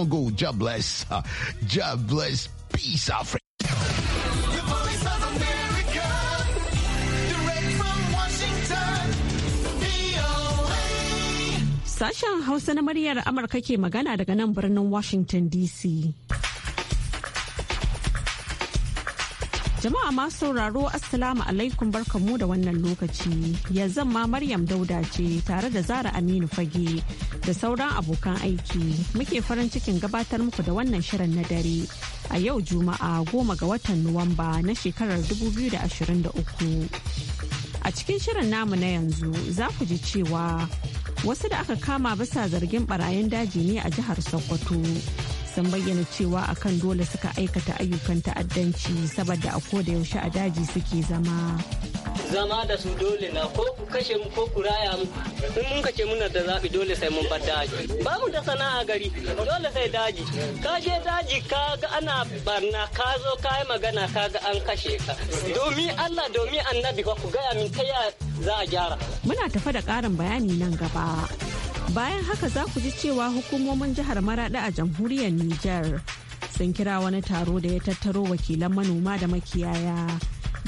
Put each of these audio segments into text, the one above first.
Congo. God bless. God bless. Peace, Africa. Sashen Hausa na muryar Amurka ke magana daga nan birnin Washington DC. Jama'a masu sauraro Assalamu alaikum barkanmu da wannan lokaci. Yanzu ma Maryam Dauda ce tare da Zara Aminu Fage da sauran abokan aiki. Muke farin cikin gabatar muku da wannan shirin na dare. A yau Juma'a goma ga watan Nuwamba na shekarar 2023. A cikin shirin namu na yanzu za ku ji cewa wasu da aka kama bisa zargin barayin daji ne a jihar Sokoto. sun bayyana cewa akan dole suka aikata ayyukan ta'addanci saboda a da yaushe a daji suke zama. Zama da su dole na ko ku kashe mu ko ku mu in mun kace muna da zaɓi dole sai mun bar daji. Ba mu da sana'a gari dole sai daji. Ka je daji ka ga ana barna ka zo ka yi magana ka ga an kashe ka. Domin Allah domin annabi ku gaya min ta za a gyara. Muna tafa da ƙarin bayani nan gaba. Bayan haka za ku ji cewa hukumomin jihar Maraɗa a jamhuriyar Niger sun kira wani taro da ya tattaro wakilan manoma da makiyaya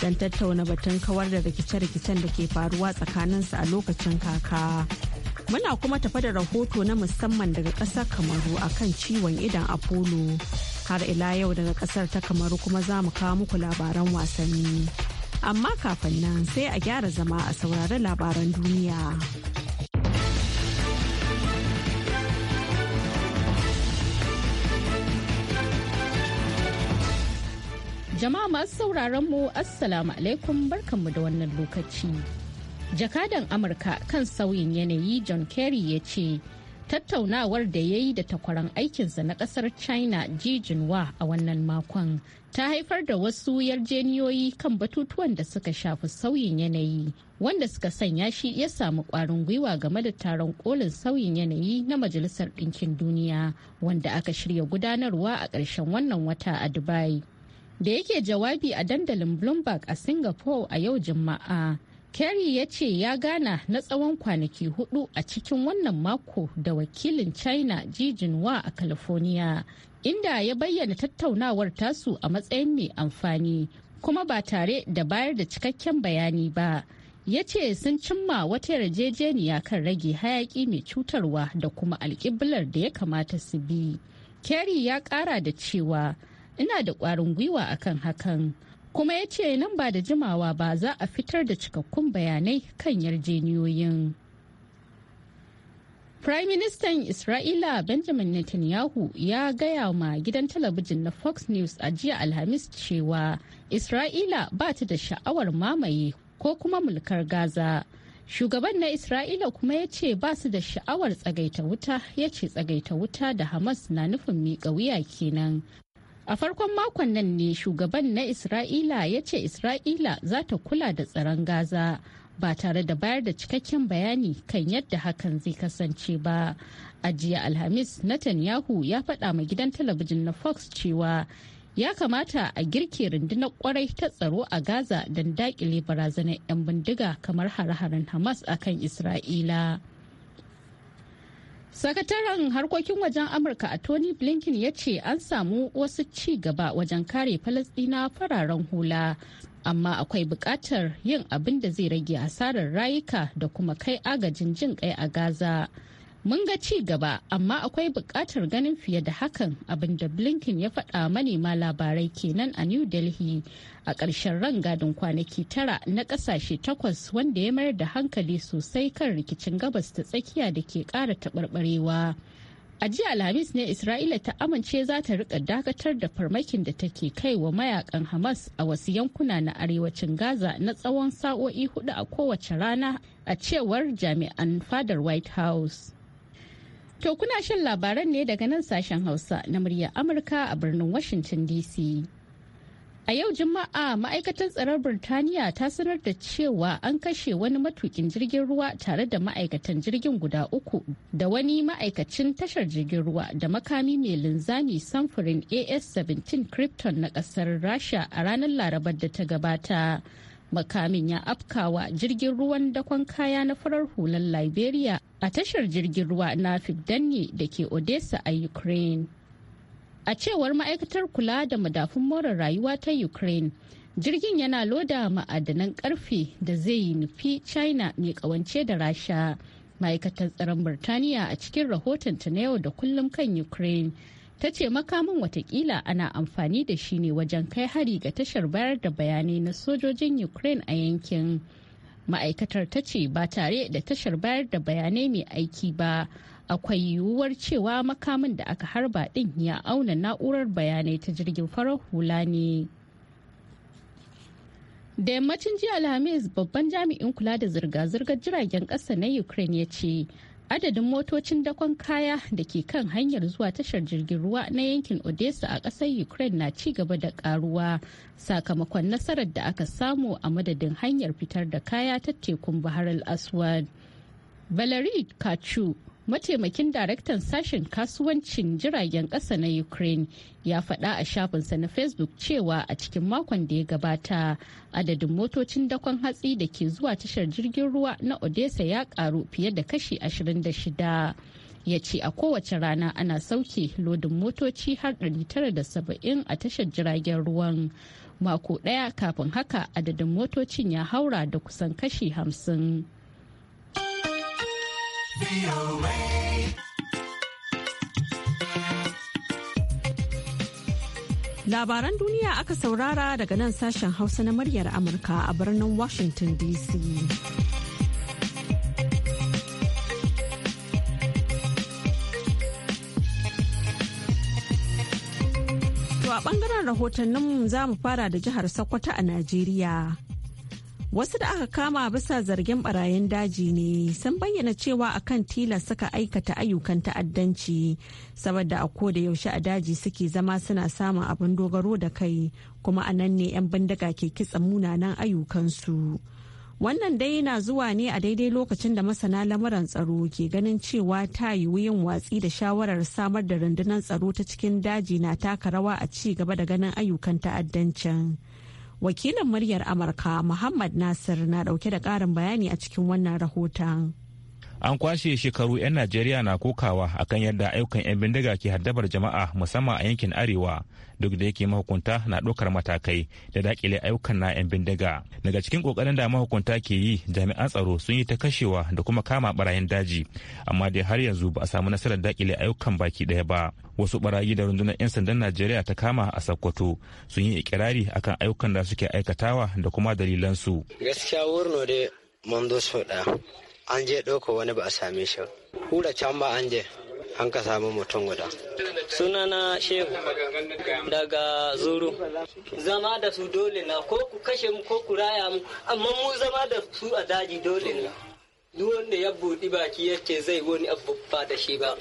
don tattauna batun kawar da rikice-rikicen da ke faruwa tsakaninsu a lokacin kaka. Muna kuma tafa da rahoto na musamman daga ƙasar Kamaru akan ciwon idan Apollo. Har ila yau daga ƙasar ta Kamaru kuma za mu kawo muku labaran wasanni. Amma kafin nan sai a gyara zama a saurari labaran duniya. Jama'a masu sauraron mu Assalamu alaikum barkanmu da wannan lokaci. Jakadan Amurka kan sauyin yanayi John Kerry ya ce tattaunawar da ya yi da takwaran aikinsa na kasar China Ji Jinwa a wannan makon ta haifar da wasu yarjeniyoyi kan batutuwan da suka shafi sauyin yanayi wanda suka sanya shi ya samu kwarin gwiwa game da taron kolin sauyin yanayi na Majalisar Dinkin Duniya wanda aka shirya gudanarwa a ƙarshen wannan wata a Dubai. da yake jawabi a dandalin bloomberg a singapore a yau juma'a kerry ya ce ya gana na tsawon kwanaki hudu a cikin wannan mako da wakilin china jijinwa a california inda ya bayyana tattaunawar tasu a matsayin mai amfani kuma ba tare da bayar da cikakken bayani ba ya ce sun cimma wata yarjejeniya kan rage hayaki mai cutarwa da kuma alkiblar da ya kamata su bi kerry ya kara da cewa ina da ƙwarin gwiwa akan hakan kuma ya ce nan ba da jimawa ba za a fitar da cikakkun bayanai kan yarjeniyoyin Prime Ministan Isra'ila Benjamin Netanyahu ya gaya ma gidan talabijin na Fox News a jiya Alhamis cewa Isra'ila ba ta da sha'awar mamaye ko kuma mulkar Gaza. Shugaban na Isra'ila kuma ya ce ba su da sha'awar tsagaita wuta ya ce tsagaita wuta da Hamas na nufin miƙa wuya kenan A farkon makon nan ne shugaban na Isra'ila ya ce Isra'ila za ta kula da tsaron Gaza ba tare da bayar da cikakken bayani kan yadda hakan zai kasance ba. A jiya Alhamis, Netanyahu ya faɗa ma gidan talabijin na Fox cewa ya kamata a girke rundunar kwarai ta tsaro a Gaza don daƙile barazanar 'yan bindiga kamar hare-haren Hamas akan Isra'ila. Sakataren harkokin wajen Amurka a Tony Blinken ya ce an samu wasu ci gaba wajen kare Falasɗina fararen hula, amma akwai buƙatar yin abin da zai rage hasarar rayuka da kuma kai agajin jin kai a Gaza. Mun ga ci gaba amma akwai buƙatar ganin fiye da hakan abin da Blinken ya faɗa manema labarai kenan a New Delhi a ƙarshen rangadin kwanaki tara na ƙasashe takwas wanda ya mayar da hankali sosai kan rikicin gabas ta tsakiya da ke ƙara taɓarɓarewa. A jiya Alhamis ne Isra'ila ta amince za ta rika dakatar da farmakin da take kai wa mayakan Hamas a wasu yankuna na arewacin Gaza na tsawon sa'o'i hudu a kowace rana a cewar jami'an fadar White House. To kuna shan labaran ne daga nan sashen Hausa na murya Amurka a birnin Washington DC. A yau Juma'a ma'aikatar tsaron Birtaniya ta sanar da cewa an kashe wani matukin jirgin ruwa tare da ma'aikatan jirgin guda uku da wani ma'aikacin tashar jirgin ruwa da makami mai linzami samfurin AS-17 Krypton na kasar Rasha a ranar Larabar da ta gabata. makamin ya afkawa jirgin ruwan dakon kaya na farar hular liberia a tashar jirgin ruwa na fiddanni da ke odessa a ukraine a cewar ma'aikatar kula da madafun more rayuwa ta ukraine jirgin yana loda ma'adanan karfe da zai yi nufi china mai kawance da rasha ma'aikatar tsaron birtaniya a cikin rahoton ta na yau da kullum kan ukraine ta ce makamin watakila ana amfani da shi ne wajen kai hari ga tashar bayar da bayanai na sojojin ukraine a yankin ma'aikatar ta ce ba tare da tashar bayar da bayanai mai aiki ba akwai yiwuwar cewa makamin da aka harba din ya auna na'urar bayanai ta jirgin farar hula ne da yammacin jiya alhamis babban jami'in kula da zirga-zirgar jiragen ƙasa na ukraine ya ce adadin motocin dakon kaya da ke kan hanyar zuwa tashar jirgin ruwa na yankin odessa a ƙasar ukraine na ci gaba da karuwa sakamakon nasarar da aka samu a madadin hanyar fitar da kaya ta tekun bahar al-aswad valerie kachu mataimakin daraktan sashen kasuwancin jiragen kasa na ukraine ya faɗa a shafinsa na facebook cewa a cikin makon da ya gabata adadin motocin dakon hatsi da ke zuwa tashar jirgin ruwa na odessa ya ƙaru fiye da kashi 26 ya ce a kowace rana ana sauke lodin motoci har 970 a tashar jiragen ruwan mako ɗaya kafin haka adadin motocin ya haura da kusan kashi 50 Labaran duniya aka saurara daga nan sashen Hausa na muryar Amurka a birnin Washington DC. To a bangaren rahotanninmu za mu fara da jihar Sokoto a Najeriya. Wasu da aka kama bisa zargin barayin daji ne sun bayyana cewa akan tilas suka aikata ayyukan ta'addanci saboda a ko da yaushe a daji suke zama suna samun abin dogaro da kai kuma a nan ne 'yan bindiga ke kitsa munanan ayyukansu. Wannan dai na zuwa ne a daidai lokacin da masana lamuran tsaro ke ganin cewa ta yiwu yin watsi da shawarar samar da rundunar tsaro ta cikin daji na taka rawa a ci gaba da ganin ayyukan ta'addancin. wakilin muryar amurka muhammad nasir na dauke da karin bayani a cikin wannan rahoton an kwashe shekaru 'yan najeriya na kokawa akan yadda ayyukan 'yan bindiga ke haddabar jama'a musamman a yankin arewa duk da yake mahukunta na ɗaukar matakai da daƙile ayyukan na 'yan bindiga daga cikin ƙoƙarin da mahukunta ke yi jami'an tsaro sun yi ta kashewa da kuma kama barayin daji amma dai har yanzu ba a samu nasarar dakile ayyukan baki ɗaya ba wasu barayi da rundunar 'yan sandan najeriya ta kama a sokoto sun yi ikirari akan ayyukan da suke aikatawa da kuma dalilansu gaskiya wurno dai mun zo an je ɗauka wani ba a same shi hura can ba an je an ka samu mutum guda sunana shehu daga zuru zama da su dole na ko ku kashe mu ko ku raya mu amma mu zama da su a daji dole na duk wanda ya buɗi baki yake zai wani abu ba da shi ba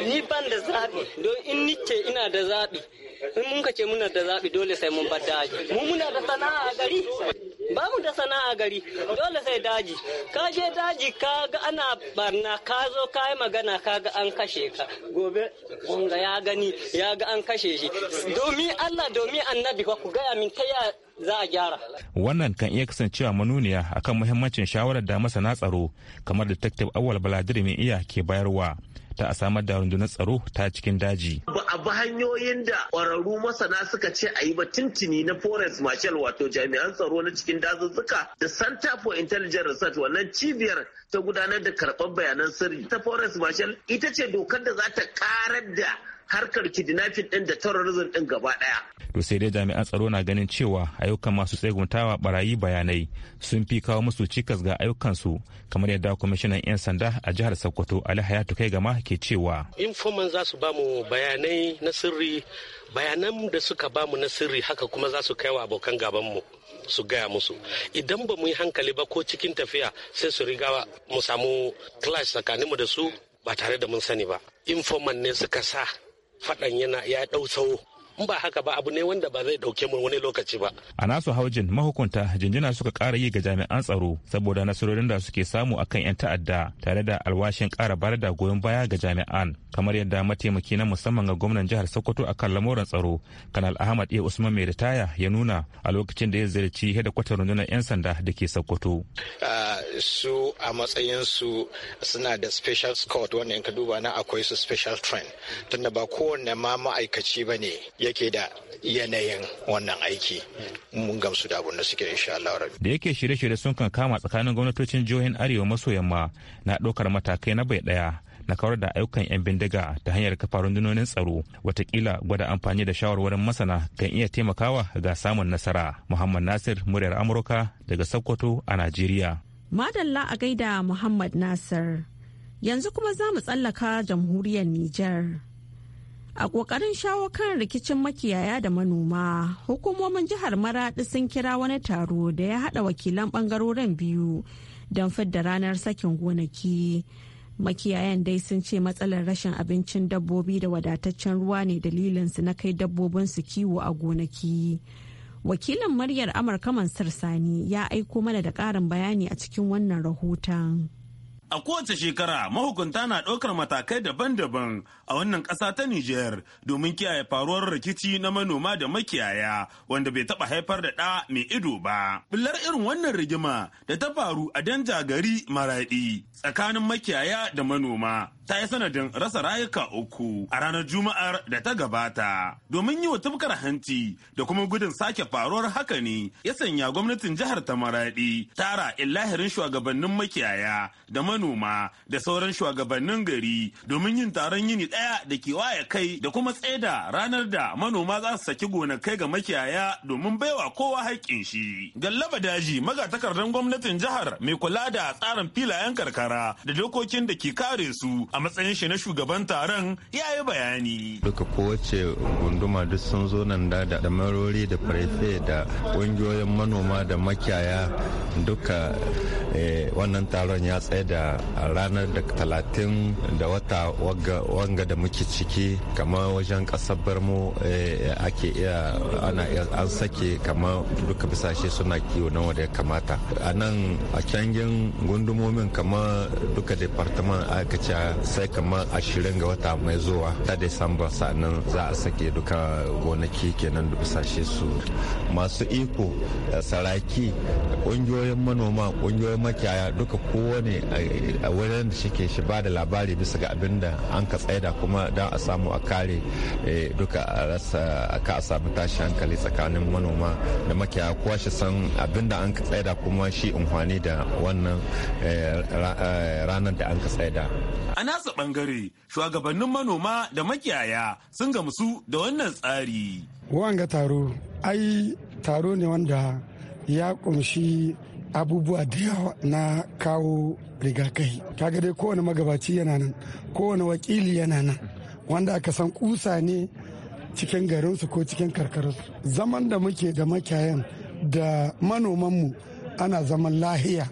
ni ban da zaɓi don in nike ina da zaɓi in mun ka ce muna da zaɓi dole sai mun bar daji mu muna da sana'a a gari ba mu da sana'a gari dole sai daji ka je daji ka ga ana barna ka zo ka yi magana ka ga an kashe ka gobe ya gani ya ga an kashe shi domin Allah domin annabi ku gaya min ta ya za a gyara. Wannan kan iya kasancewa manuniya akan muhimmancin shawarar da masana tsaro kamar Detective Awal Baladir mai iya ke bayarwa ta a samar da rundunar tsaro ta cikin daji. Ba a bi hanyoyin da ƙwararru masana suka ce a yi ba tintini na Forest Marshal wato jami'an tsaro na cikin dazuzzuka da Center for Intelligence Research wannan cibiyar ta gudanar da karɓar bayanan sirri ta Forest Marshal ita ce dokar da za ta ƙarar da harkar kidnapping din da terrorism din gaba daya. To sai dai jami'an tsaro na ganin cewa ayyukan masu tseguntawa barayi bayanai sun fi kawo musu cikas ga ayyukansu kamar yadda kwamishinan 'yan sanda a jihar Sokoto Ali Hayatu kai gama ke cewa. Informan za su ba bayanai na sirri bayanan da suka bamu na sirri haka kuma za su kai wa abokan gabanmu su gaya musu idan ba mu yi hankali ba ko cikin tafiya sai su riga mu samu clash tsakaninmu da su ba tare da mun sani ba informant ne suka sa faɗan yana ya ɗau tsawo in ba haka ba abu ne wanda ba zai dauke mu wani lokaci ba a nasu haujin mahukunta jinjina suka kara yi ga jami'an tsaro saboda nasarorin da suke samu a kan yan ta'adda tare da alwashin kara bayar da goyon baya ga jami'an kamar yadda mataimaki na musamman ga gwamnan jihar sokoto kan lamuran tsaro kanal ahmad a usman mai ritaya ya nuna a lokacin da ya ziyarci hedikwatar rundunar yan sanda da ke sokoto su a matsayinsu suna da special squad wanda in ka duba na akwai su special train tunda ba kowanne ma ma'aikaci ba ne yake da yanayin wannan aiki mun gamsu da abin da suke insha Allah da yake shirye-shirye sun kan kama tsakanin gwamnatocin jihohin arewa maso yamma na ɗaukar matakai na bai ɗaya na kawar da ayyukan 'yan bindiga ta hanyar kafa rundunonin tsaro watakila gwada amfani da shawarwarin masana kan iya taimakawa ga samun nasara muhammad nasir muryar amurka daga sokoto a najeriya madalla a gaida muhammad nasir yanzu kuma za mu tsallaka jamhuriyar nijar. A ƙoƙarin shawo kan rikicin makiyaya da manoma, hukumomin jihar Maraɗi sun kira wani taro da ya haɗa wakilan ɓangarorin biyu don fidda ranar sakin gonaki. Makiyayan dai sun ce matsalar rashin abincin dabbobi da wadataccen ruwa ne dalilinsu na kai dabbobin su kiwo a gonaki. Wakilin muryar Amurka Mansur Sani ya aiko mana da ƙarin bayani a cikin wannan rahoton. A kowace shekara mahukunta na ɗaukar matakai daban-daban a wannan ƙasa ta Nijar domin kiyaye faruwar rikici na manoma da makiyaya wanda bai taɓa haifar da ɗa mai ido ba. Bular irin wannan rigima da ta faru a danja gari maraɗi tsakanin makiyaya da manoma ta yi sanadin rasa rayuka uku a ranar Juma'ar da ta gabata. Domin yi wa tafkar hanci da kuma gudun sake faruwar haka ne ya sanya gwamnatin jihar ta maradi, tara illahirin shugabannin makiyaya da manoma da sauran shugabannin gari domin yin taron yini ɗaya da ke waya kai da kuma tseda ranar da manoma za su saki gonakai ga makiyaya domin baiwa kowa haƙƙin shi. Gallaba daji magatakardan gwamnatin jihar mai kula da tsarin filayen karkara da dokokin da ke kare su a matsayin shi na shugaban taron ya yi bayani. Duka kowace gunduma duk sun zo nan da da damarori da farfe da ƙungiyoyin manoma da makiyaya duka eh, wannan taron ya tsaye da ranar da talatin da wata wanga da muke ciki kamar wajen ƙasar barmo eh, ake iya ana an sake kamar duka bisashe suna kiwo na wanda ya kamata a nan a cangin gundumomin kamar duka departament aka ce sai kamar ashirin ga wata mai zuwa ta disamba sannan za a sake duka gonaki kenan da bisashe su masu iko eh, saraki ƙungiyoyin manoma kungiyoyin makiyaya duka kowane eh, a wurin da shike shi ba da labari bisa ga abin da an ka tsaida kuma don a samu a kare eh, duka a rasa ka samu tashi hankali tsakanin manoma da makiyaya kowa shi san abin da an ka tsaida kuma shi unhwani da wannan ranar da an ka tsaida. nasa bangare shugabannin manoma da makiyaya sun gamsu da wannan tsari. Wanga taro, ai taro ne wanda ya kunshi abubuwa da yawa na kawo rigakai. Kaga dai kowane magabaci yana nan, kowane wakili yana nan, wanda aka san kusa ne cikin garinsu ko cikin karkararsu. Zaman da muke da makiyayan da manomanmu ana zaman lahiya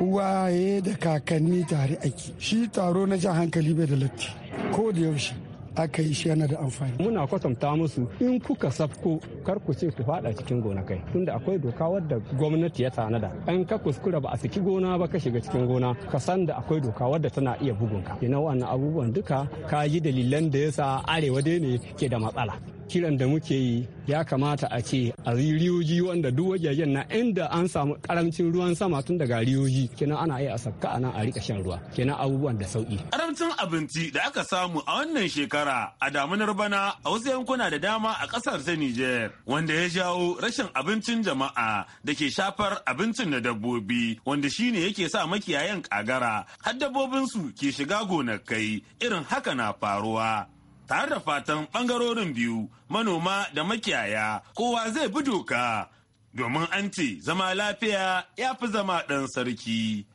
Waye da kakanni tare ake shi taro na jan hankali bai da latti ko da yaushe aka yi shi yana da amfani. Muna kwatanta musu in kuka safko kar ku ce ku fada cikin gonakai tunda akwai doka wadda gwamnati ya tanada. An ka kuskura ba a saki gona ba ka shiga cikin gona ka san da akwai doka wadda tana iya bugunka. Ina wannan abubuwan duka ka yi dalilan da yasa arewa dai ne ke da matsala. kiran da muke yi ya kamata a ce a riyoji wanda duk wajajen na inda an samu karamcin ruwan sama tun daga riyoji kenan ana iya a sakka ana a rika shan ruwa kenan abubuwan da sauki karamcin abinci da aka samu a wannan shekara a damunar bana a wasu yankuna da dama a kasar ta Niger wanda ya jawo rashin abincin jama'a da ke shafar abincin da dabbobi wanda shine yake sa makiyayan kagara har dabbobin su ke shiga gonakai irin haka na faruwa tare da fatan ɓangarorin biyu manoma da makiyaya kowa zai bi doka domin an ce zama lafiya ya fi zama ɗan sarki.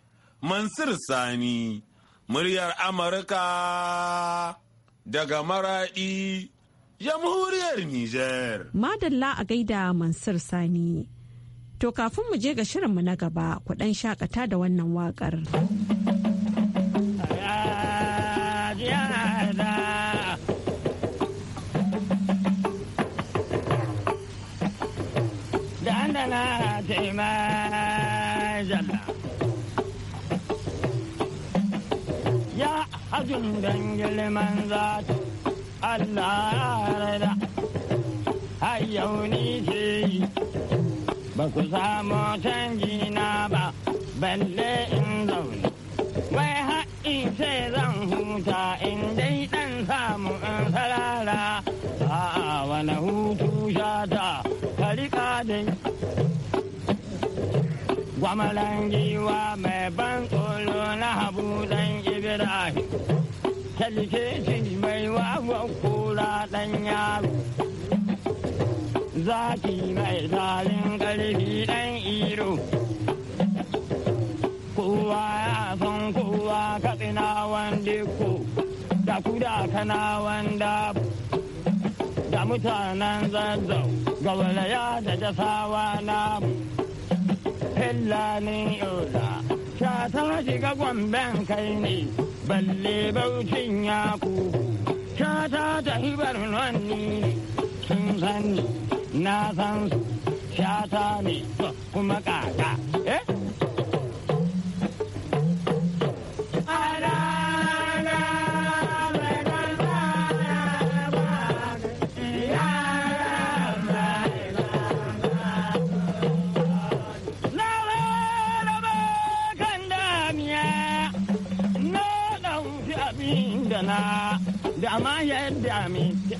Mansur Sani, muryar Amurka daga Maraɗi, jamhuriyar Nijar. Madalla a gaida Mansur Sani. To kafin mu je ga shirinmu na gaba, ku ɗan shakata da wannan waƙar. ce mazalla. Ya hajjun don girman zata Allah rada, har yau ni ce yi, ba ku samu canji na ba, balle in zaune. Wai haɗi sai zan huta in dai ɗan samu in sarara, a'a wani hutu shata, ka riƙa dai. Kwamalan giwa mai ban tsoro na habu dan ibrahim kyalke mai wawan kura dan yaro zaki mai tarin karfi dan iro kowa ya san kowa katsina wanda ko da kuda kana wanda da mutanen zazzau ga ya da jasawa na hillanin yola sha ta shiga gwamben kai ne balle baucin ya kuhu sha ta tafi barnon sun san na san su sha ta ne kuma kaka eh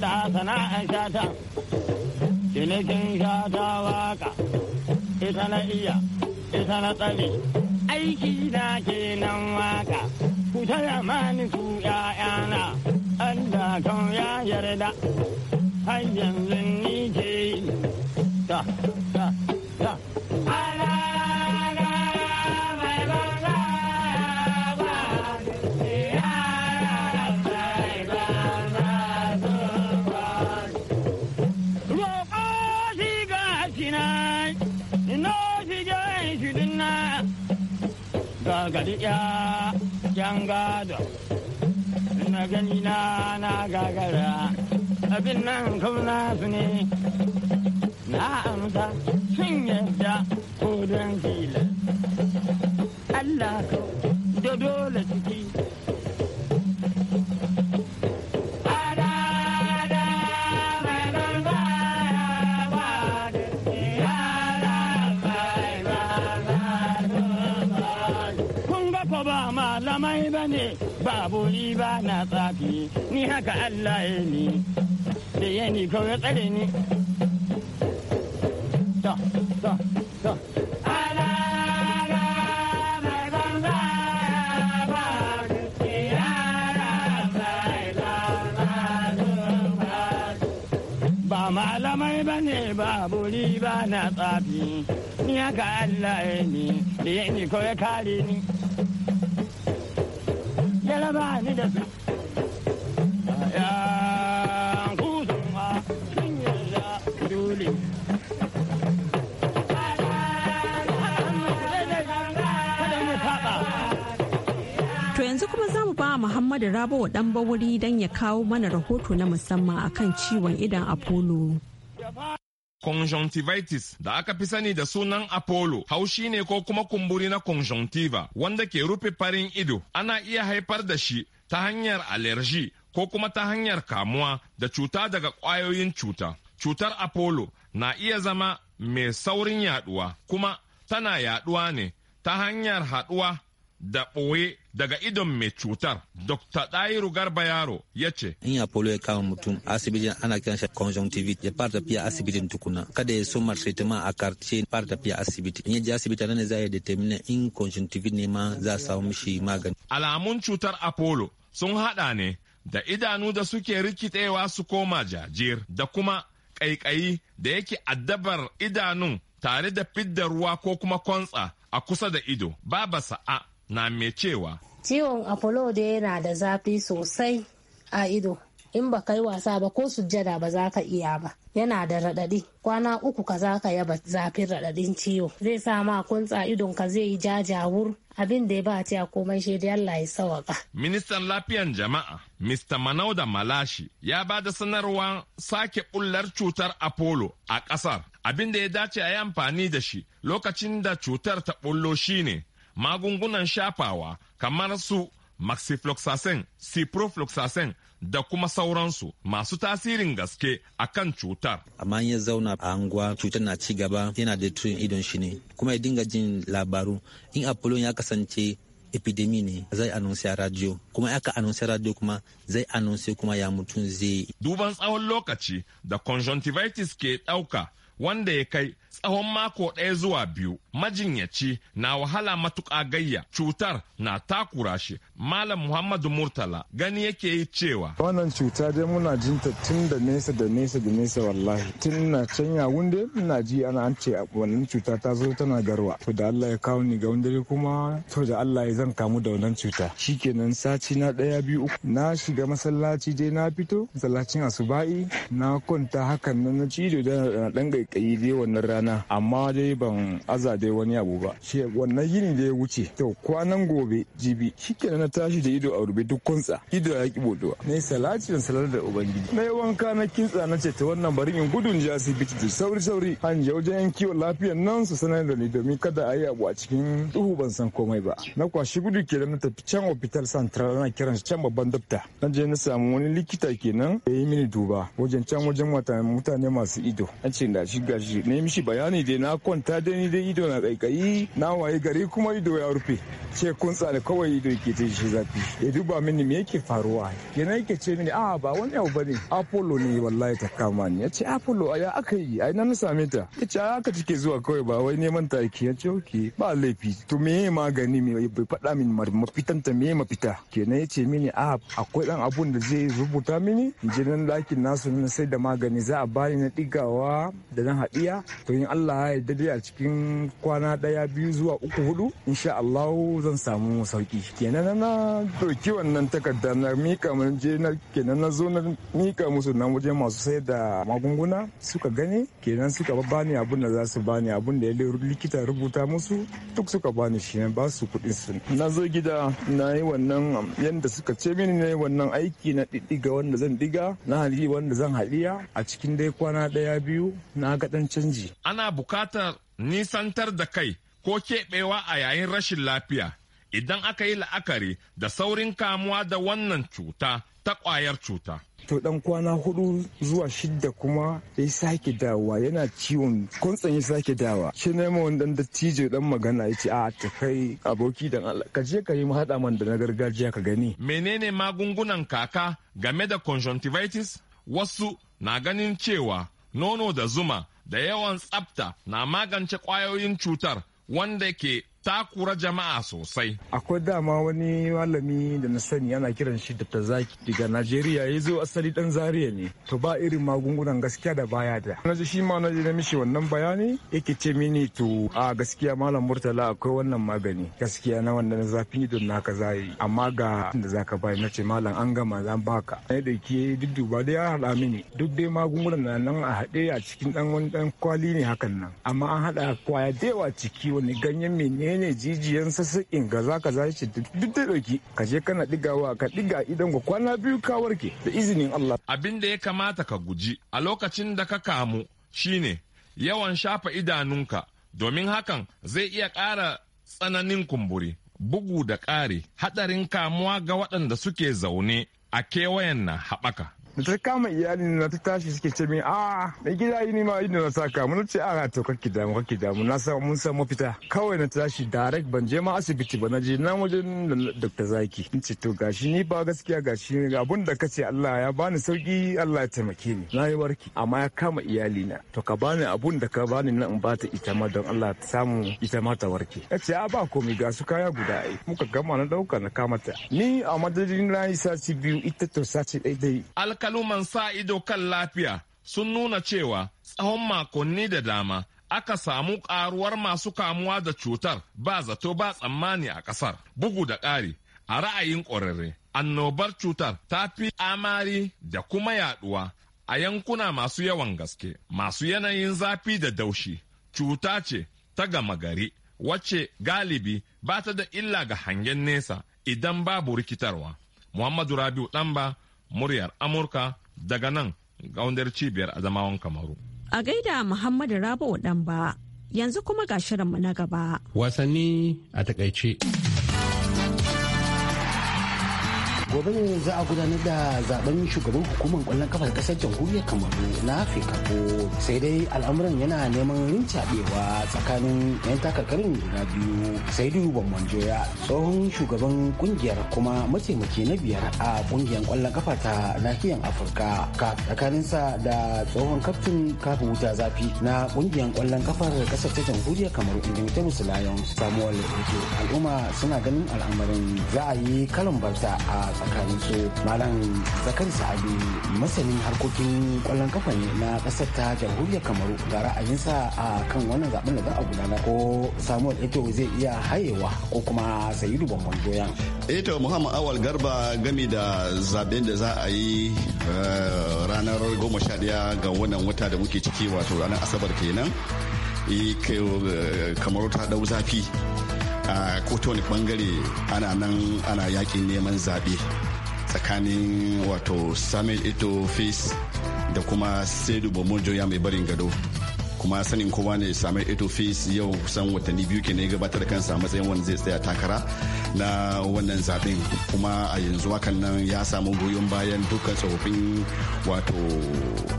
ta sana'an shata cinikin shata waka ita na iya ita na tsare aiki na nan waka ku taya mani ku ‘ya'yana Allah kan ya yarda har yanzu ni ke ta gagadi ya yan gado na gani na na gagara abin nan kauna su ne na amsa sun yadda ko don kila Allah ka da dole ciki ba bori ba na tsafi ni haka Allah ya ni da ya ni kawai tsare ni ta ta ba malamai ba ne ba ba na tsafi ni haka Allah ya ni da ya ni kawai kare ni ya yanzu kuma za mu ba Muhammadu Rabawa ɗan bawuri don ya kawo mana rahoto na musamman akan ciwon idan Apollo. conjunctivitis da aka fi sani da sunan apollo haushi ne ko kuma kumburi na conjunctiva wanda ke rufe farin ido ana iya haifar da shi ta hanyar allergy ko kuma ta hanyar kamuwa da cuta daga ƙwayoyin cuta cutar apollo na iya zama mai saurin yaduwa kuma tana yaduwa ne ta hanyar haduwa da ɓoye daga idon mai cutar. Dr. Dairu Garba Yaro ya ce. In polo ya kama mutum asibitin ana kiran shi conjunctivit ya fara tafiya asibitin tukuna. Kada ya soma treatment a karce fara tafiya asibiti. In ya je asibiti nan ne za ya determine in conjunctivit ne ma za a samu mishi magani. Alamun cutar Apollo sun haɗa ne da idanu da suke rikitsewa su koma jajir da kuma ƙaiƙayi da yake addabar idanun tare da fidda ruwa ko kuma kwantsa a kusa da ido. Baba sa'a na mai cewa ciwon apollo da yana da zafi sosai a ido in ba kai wasa ba ko sujjada ba za ka iya ba yana da raɗaɗi kwana uku ka za ka yaba zafin raɗaɗin ciwo zai sa ma kuntsa idon ka zai yi jajawur abin da ya ba ta komai shi da Allah ya sawaka. Ministan lafiyan jama'a Mr. Manauda Malashi ya ba da sanarwa sake bullar cutar Apollo a ƙasar abin da ya dace a yi amfani da shi lokacin da cutar ta bullo shine magungunan shafawa kamar su maxifloxacin ciprofloxacin da kuma sauransu masu tasirin gaske a kan cutar. Amma ya zauna a anguwa cutar na ci gaba yana da tuyin idon shi ne kuma ya dinga jin labaru in apollo ya kasance epidemi ne zai anunsi a radio kuma aka anunsi a radio kuma zai anunsi kuma ya mutum zai. Duban tsawon lokaci da conjunctivitis ke ɗauka wanda ya kai tsawon mako ɗaya zuwa biyu majinyaci na wahala matuƙa gayya cutar na takura shi malam muhammadu murtala gani yake yi cewa wannan cuta dai muna jinta tun da nesa da nesa da nesa wallahi tun na can ya wunde muna ji ana an ce wannan cuta ta zo tana garwa to da Allah ya kawo ni ga wunde kuma to da Allah ya zan kamu da wannan cuta shikenan sati na ɗaya biyu uku na shiga masallaci dai na fito masallacin asuba'i na kwanta hakan nan na ci da ɗan ƙaiƙayi dai wannan rana rana amma dai ban aza dai wani abu ba ce wannan yini da ya wuce to kwanan gobe jibi shikenan na tashi da ido a rube duk kuntsa ido ya ki bodowa nayi salati da salar da ubangiji na yi wanka na kintsa na ce ta wannan bari in gudun ji asibiti da sauri sauri an je wajen yan kiwon lafiyan nan su sanar da ni domin kada a yi abu a cikin duhu ban san komai ba na kwashi gudu kenan na tafi can hospital central na kiran can babban dokta na je na samu wani likita kenan ya yi mini duba wajen can wajen mutane masu ido an ce da shi gashi na yi mishi ba. bayani dai na kwanta da ni dai ido na kaikayi na waye gari kuma ido ya rufe ce kun tsare kawai ido ke ta shi zafi ya duba mini me yake faruwa kenan yake ce mini a ah, ba wani abu bane apollo ne wallahi ta kama ni ya ce apollo ya aka yi a na same ta ya ce aka take zuwa kawai ba wai neman ta ya ce ok ba laifi to me magani me bai faɗa min mafitan ta me mafita kenan ya ce mini a ah, akwai dan abun da zai rubuta mini je nan dakin nasu na sai da magani za a bani na digawa da na haɗiya to in Allah ya yarda dai a cikin kwana daya biyu zuwa uku hudu insha Allah zan samu sauki kenan na doki wannan takarda na mika mun je na kenan na zo na mika musu nan waje masu sayar da magunguna suka gane kenan suka bani abun da za su bani abun da ya likita rubuta musu duk suka bani shi ne ba su kuɗin su na zo gida na yi wannan yanda suka ce mini yi wannan aiki na diddiga wanda zan diga na hali wanda zan haliya a cikin dai kwana daya biyu na ga dan canji ana bukatar nisantar da kai ko keɓewa a yayin rashin lafiya idan aka yi la'akari da saurin kamuwa da wannan cuta ta ƙwayar cuta. to ɗan kwana hudu zuwa shidda kuma ya sake dawa yana ciwon kuntsan ya sake dawa shi ne ma wannan dattijo dan magana ya ce a ta kai aboki dan Allah ka je ka yi mu man da na gargajiya ka gani menene magungunan kaka game da conjunctivitis wasu na ganin cewa nono da zuma da yawan tsafta na magance kwayoyin cutar wanda ke Ta kura jama'a sosai. Akwai dama wani malami da na sani yana kiran shi da zaki. daga Najeriya ya zo asali dan Zaria ne. To ba irin magungunan gaskiya da baya da. Na ji shi ma na ji na mishi wannan bayani yake ce mini to a gaskiya malam Murtala akwai wannan magani. Gaskiya na wannan zafi idon naka zai amma ga da zaka bayar na ce malam an gama zan baka. Na da ke dudduba dai ya haɗa mini. Duk dai magungunan na nan a haɗe a cikin dan wani dan kwali ne hakan nan. Amma an haɗa kwaya da yawa ciki wani ganyen mene menene jijiyan sassaƙin ga za ka zaci duk da ɗauki ka je kana ɗigawa ka ɗiga idan ka kwana biyu ka warke da izinin Allah. Abin da ya kamata ka guji a lokacin da ka kamu shine yawan shafa idanunka domin hakan zai iya ƙara tsananin kumburi. Bugu da ƙari, haɗarin kamuwa ga waɗanda suke zaune a kewayen na haɓaka. da ta kama iyali na ta tashi suke ce min a na gida yi nima inda na saka mun ce a to kake damu kake damu na samu mun san mafita kawai na tashi direct ban je ma asibiti ba na je na wajen Dr. Zaki in ce to gashi ni ba gaskiya gashi abun da kace Allah ya bani sauki Allah ya taimake ni na yi warki amma ya kama iyali na to ka bani abun da ka bani na in bata ita ma don Allah ta samu ita ma ta warke ya ce a ba komai ga su kaya guda ai muka gama na dauka na kama ta ni a madadin na yi sati biyu ita to sati dai dai Kaluman sa ido kan lafiya sun nuna cewa tsawon makonni da dama aka samu karuwar masu kamuwa da cutar ba zato ba tsammani a ƙasar. Bugu da ƙari, a ra'ayin ƙwararre, annobar cutar ta fi amari da kuma yaɗuwa a yankuna masu yawan gaske, masu yanayin zafi da daushi. Cuta ce ta gama gari, wacce galibi ba ta da illa ga hangen nesa idan babu rikitarwa. Muhammadu Rabiu Ɗanba, muryar Amurka daga nan gaundar cibiyar zamawan Kamaru. A gaida Muhammadu Rabu Ɗanba yanzu kuma ga shirinmu na gaba. Wasanni a takaice. gobe ne za a gudanar da zaben shugaban hukumar kwallon kafar kasar jamhuriyar kamaru na afirka ko sai dai al'amuran yana neman rincaɓewa tsakanin yan takarkarin guda biyu sai duyu bambanjoya tsohon shugaban kungiyar kuma mataimaki na biyar a kungiyar kwallon kafa ta nahiyar afirka ka tsakaninsa da tsohon kaftin kafin wuta zafi na kungiyar kwallon kafar kasar ta jamhuriyar kamaru indomitable lions samuel al'umma suna ganin al'amarin za a yi kalan barta a tsakanin su malam zakar sa'adu masanin harkokin kwallon kafa ne na kasar ta jamhuriyar kamaru ga ra'ayinsa a kan wannan zaben da za a gudana ko samuel eto zai iya hayewa ko kuma sayidu bambam doyan eto muhammad awal garba gami da zaben da za a yi eh, ranar goma sha daya ga wannan wata da muke ciki wato ranar asabar kenan eh, kamaru ta dau zafi a kowane bangare ana nan ana yakin neman zaɓe tsakanin wato samuel ito face da kuma sedu bomojo ya mai barin gado kuma sanin kowa ne samuel ito face yau kusan watanni biyu ke ne gabatar da kansa matsayin wanda zai tsaya takara na wannan zaben kuma a yanzu hakan nan ya samu goyon bayan dukkan tsofaffin wato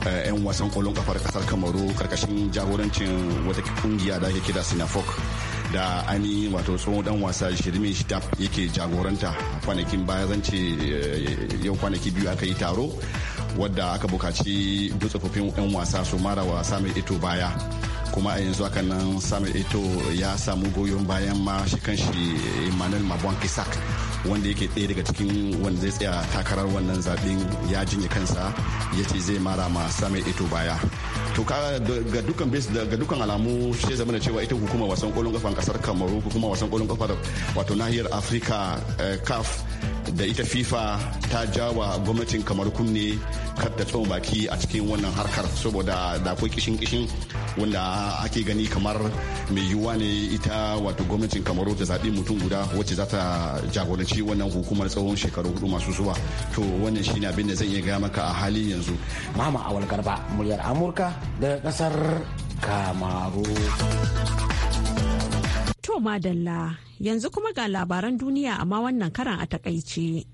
'yan eh, wasan kwallon kafar kasar kamaru karkashin jagorancin wata kungiya da ake kira sinafok da ani wato tsohon dan wasa shirme shida yake jagoranta kwanakin baya zan ce eh, yau kwanaki biyu aka yi taro wadda aka bukaci tsofaffin 'yan wasa su mara wasa mai ito baya kuma a yanzu haka nan samun ito ya samu goyon bayan ma shi kan shi eh, emmanuel mabon kisak wanda yake ɗaya daga cikin wanda zai tsaya takarar wannan zaɓen ya jinya kansa ya ce zai mara ma samun ito baya to ga dukkan base ga dukkan alamu sai zamana cewa ita hukumar wasan kolon kafa kasar kamaru hukumar wasan kolon kafa wato nahiyar afirka eh, caf da ita fifa ta jawa gwamnatin kamar kunne kar ta baki a cikin wannan harkar saboda da akwai kishin kishin wanda ake gani kamar mai yiwuwa ne ita wato gwamnatin kamaru ta zaɓi mutum guda wacce za ta jagoranci wannan hukumar tsawon shekaru hudu masu zuwa to wannan shi ne abin da zan iya gaya maka a halin yanzu mama awal garba muryar amurka daga kasar kamaru To madalla yanzu kuma ga labaran duniya amma wannan karan a takaice.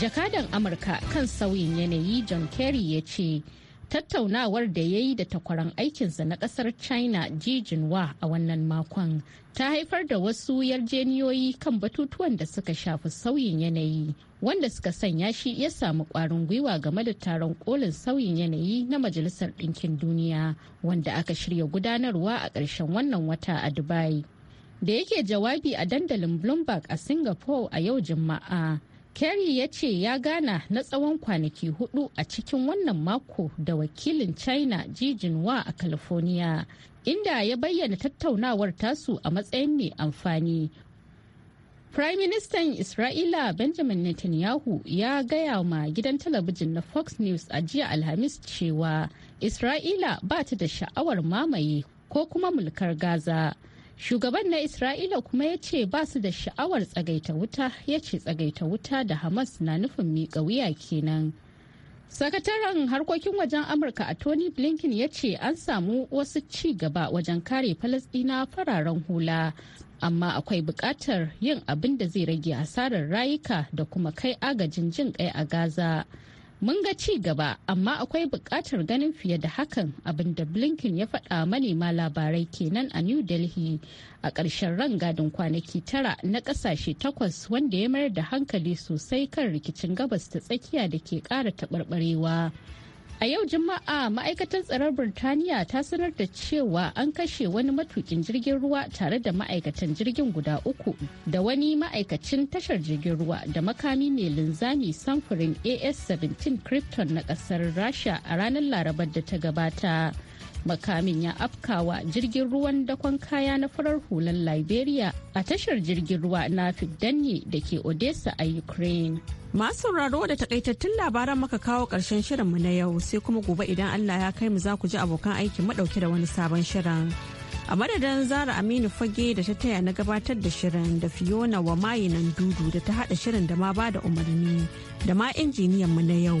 Jakadan Amurka kan sauyin yanayi John Kerry ya ce tattaunawar da ya yi da takwaran aikinsa na kasar china ji jinwa a wannan makon ta haifar da wasu yarjeniyoyi kan batutuwan da suka shafi sauyin yanayi wanda suka sanya shi ya samu kwarin gwiwa game da taron kolin sauyin yanayi na majalisar ɗinkin duniya wanda aka shirya gudanarwa a ƙarshen wannan wata a dubai da yake jawabi a dandalin bloomberg a singapore a yau juma'a kerry ya ce ya gana na tsawon kwanaki hudu a cikin wannan mako da wakilin china jijinwa a california inda ya bayyana tattaunawar tasu a matsayin mai amfani Prime Minister Isra'ila Benjamin Netanyahu ya gaya ma gidan talabijin na Fox News a jiya Alhamis cewa Isra'ila ba ta da sha'awar mamaye ko kuma mulkar Gaza. Shugaban na Isra'ila kuma ya ce ba su da sha'awar tsagaita wuta ya ce tsagaita wuta da Hamas na nufin miƙa wuya kenan Sakataren harkokin wajen Amurka a Tony Blinken ya ce an samu wasu ci gaba wajen kare Falasɗina fararen hula, amma akwai buƙatar yin abin da zai rage asarar rayuka da kuma kai agajin jin ƙai a Gaza. mun ga ci gaba amma akwai buƙatar ganin fiye da hakan abinda blinken ya faɗa manema labarai kenan a new delhi a ƙarshen rangadin kwanaki tara na ƙasashe takwas wanda ya mayar da hankali sosai kan rikicin gabas ta tsakiya da ke ƙara taɓarɓarewa A yau Juma'a ma'aikatar tsaron Birtaniya ta sanar da cewa an kashe wani matukin jirgin ruwa tare da ma'aikatan jirgin guda uku da wani ma'aikacin tashar jirgin ruwa da makami mai linzami samfurin AS-17 Krypton na kasar Rasha a ranar Larabar da ta gabata. makamin ya afkawa jirgin ruwan dakon kaya na farar hulan liberia a tashar jirgin ruwa na fiddanni da ke odessa a ukraine masu sauraro da takaitattun labaran maka kawo karshen shirinmu na yau sai kuma gobe idan allah ya kai mu za ku ji abokan aikin madauke da wani sabon shirin a madadin zara aminu fage da ta taya na gabatar da shirin da fiona wa mayinan dudu da ta hada shirin da ma ba da umarni da ma injiniyanmu na yau